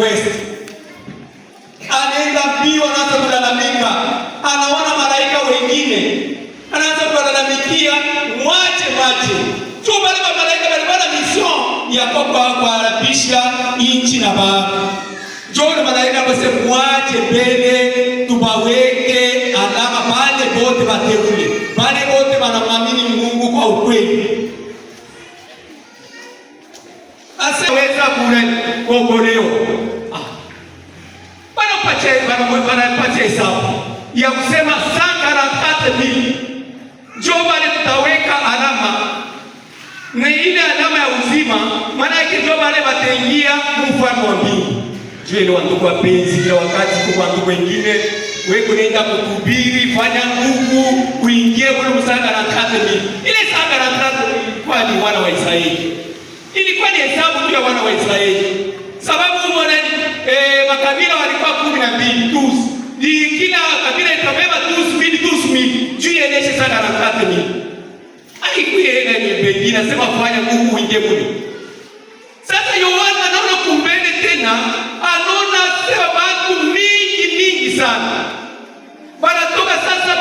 West anaenda mbio, anaanza kulalamika, anaona malaika wengine, anaanza kulalamikia mwache mache tubalima malaika balibana kwa yakokwakwalabisha inchi na baba joni malaika bose mwache bene tubaweke alama pale bote bateule pale bote banamwamini Mungu kwa ukweli aseweza kule kokole ya kusema sankarakatemi jobale, tutaweka alama ni ile alama ya uzima, maana yake jobale wataingia mfano wa mbingu. Jueni wandugu wapenzi, kila wakati kwa wandugu wengine wewe unaenda kuhubiri, fanya nguvu uingie kule msankarakatemi. Ile sankarakatemi ilikuwa ni wana wa Israeli, ilikuwa ni hesabu tu ya wana wa Israeli sababu mwana eh, makabila walikuwa kumi na mbili ni kila kabila itabeba tusubiri tusubiri juu yenyeshe sana harakati ni haikuye hela ni bengi nasema fanya Mungu uingie kule. Sasa Yohana anaona kumbele tena anaona sema watu mingi mingi sana wanatoka sasa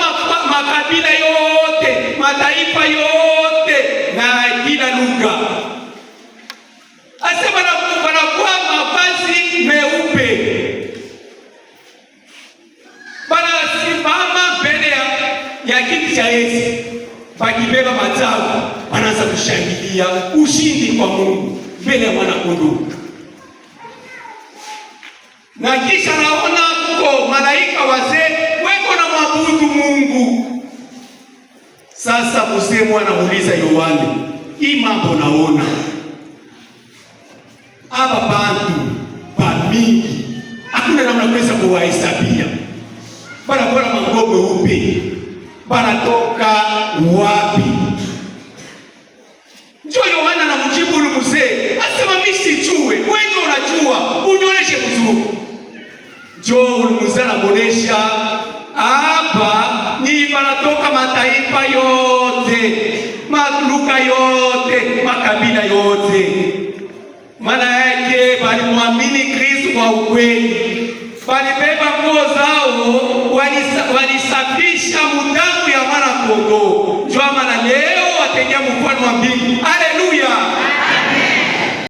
makabila yote mataifa yote ya kiti cha Yesu wakibeba matao wanaanza kushangilia ushindi kwa Mungu mbele ya mwanakondoo. Na kisha naona huko malaika wazee weko na mwabudu Mungu. Sasa Musemu anauliza Yohane, hii mambo naona hapa bantu mingi, hakuna namna kuweza kuwahesabia, bora mangogo upe banatoka wapi? Njo Yohana na mjibu ule mzee asema, misijue wenye unajua unionyeshe vizuri. Njo ule mzee anabonesha hapa ni banatoka mataifa yote, maluka yote, makabila yote. Maana yake balimwamini Kristo kwa ukweli walibeba nguo zao, walisafisha mudamu ya mwana kondoo jwamana, leo watengia mkono wa mbingu. Haleluya!